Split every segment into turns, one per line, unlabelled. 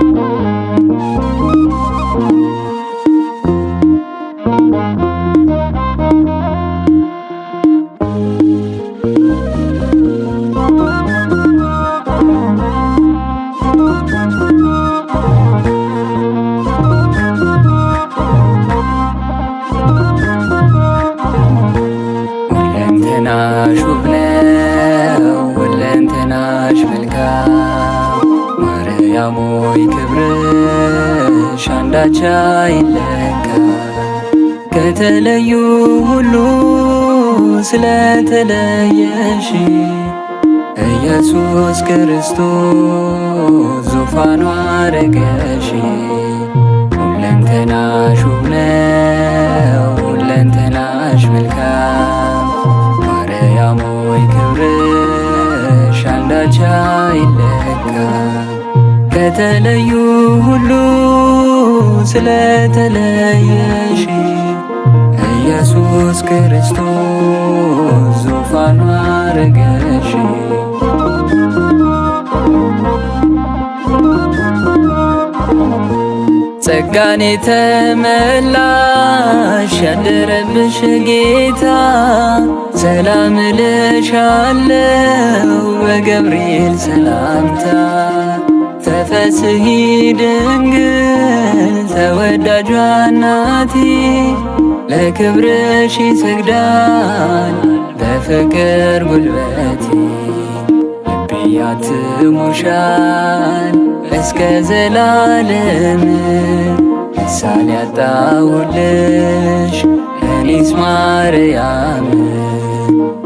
Thank you. አንዳች አይለካም ከተለዩ ሁሉ ስለተለየሽ ኢየሱስ ክርስቶስ ዙፋኑ አረገሽ። ሁለንተናሽ ውብ ነው፣ ሁለንተናሽ መልካም። ማርያም ሆይ ክብርሽ አንዳች አይለካም ስለተለዩ ሁሉ ስለተለየሽ ኢየሱስ ክርስቶስ ዙፋን አረገሽ ጸጋን ተመላሽ ያደረብሽ ጌታ ሰላም ልሻለው በገብርኤል ሰላምታ ስሂ ድንግል ተወዳጇ እናቴ ለክብርሽ ይሰግዳል በፍቅር ጉልበቴ ልቤ ያትሙሻል እስከ ዘላለም ምሳሌ ያጣሁልሽ ሌሊት ማርያም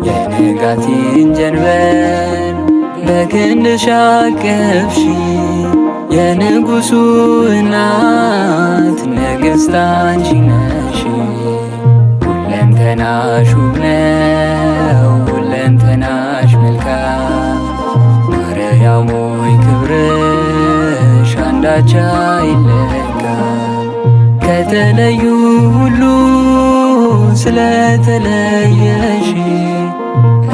የንጋቴን ጀንበር በክንድሽ አቀፍሽ የንጉሱ እናት ነገስት አንቺ ነሽ። ሁለንተናሽ ውብ ነው፣ ሁለንተናሽ መልካም ማርያም ሆይ ክብርሽ አንዳች አይለካም። ከተለዩ ሁሉ ስለተለየሽ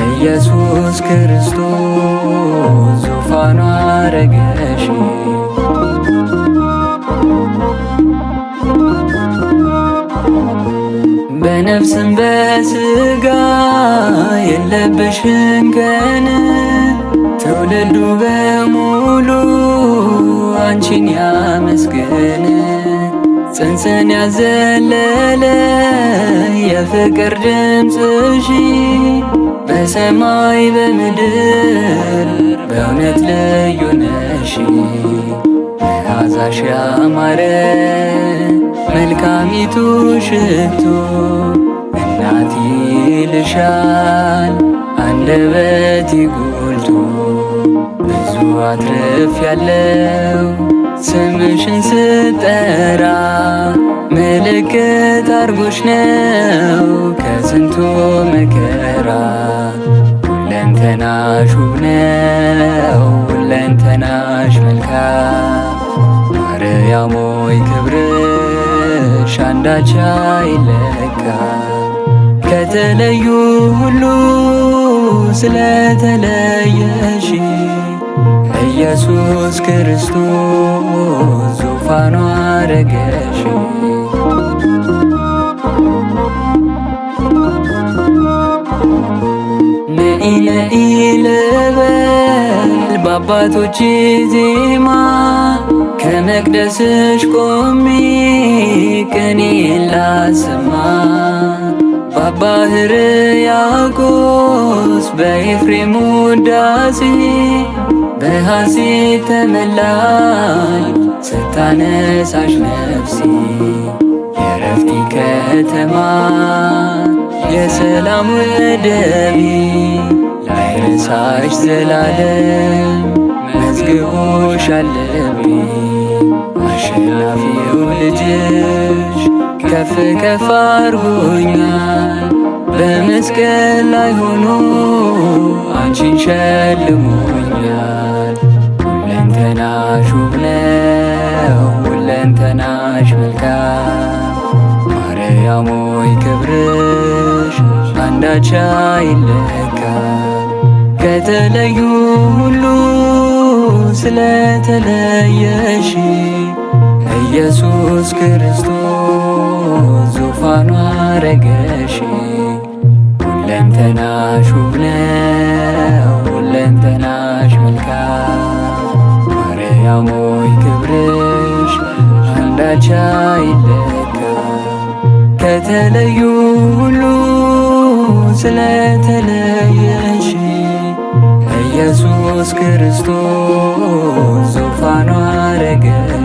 ኢየሱስ ክርስቶስ ዙፋኑ አረገሽ። ነፍስን በስጋ የለብሽም ቀን ትውልዱ በሙሉ አንቺን ያመስገን። ጽንስን ያዘለለ የፍቅር ድምፅሽ በሰማይ በምድር በእውነት ልዩ ነሽ መዓዛሽ ያማረ መልካሚቱ ሽቱ እናት ይልሻል አንደበት ይጉልቶ ብዙ አትረፍ ያለው ስምሽን ስጠራ ምልክት አርጎች ነው ከስንቱ መከራ ሁለንተናሽ ውብ ነው ሁለንተናሽ መልካም ማርያም ሆይ አንዳች አይለካ ከተለዩ ሁሉ ስለተለየሽ ኢየሱስ ክርስቶስ ዙፋኑ አረገሽ። ነኢ ነኢ ልበል በአባቶች ዜማ ከመቅደስሽ ቆሜ ቀኔን ላሰማ በአባ ሕርያቆስ በኤፍሬም ውዳሴ በሐሴት ተመላኝ ስታነሳሽ ነፍሴ የእረፍቴ ከተማ የሰላም ወደቤ ላይረሳሽ ዘላለም መዝግቦሻል ከፍ አድርጎኛል በመስቀል ላይ ሆኖ አንቺን ሸልሞኛል። ሁለንተናሽ ውብ ነው፣ ሁለንተናሽ መልካም ማርያም ሆይ ክብርሽ አንዳች አይለካ። ከተለዩ ሁሉ ስለተለየሽ ኢየሱስ ክርስቶስ ዙፋኗ አረገሽ ሁለንተናሽ ውብ ነው ሁለንተናሽ መልካም ማርያም ሆይ ክብርሽ አንዳች አይለካም ከተለዩ ሁሉ ስለተለየሽ ኢየሱስ ክርስቶስ ዙፋኗ አረገ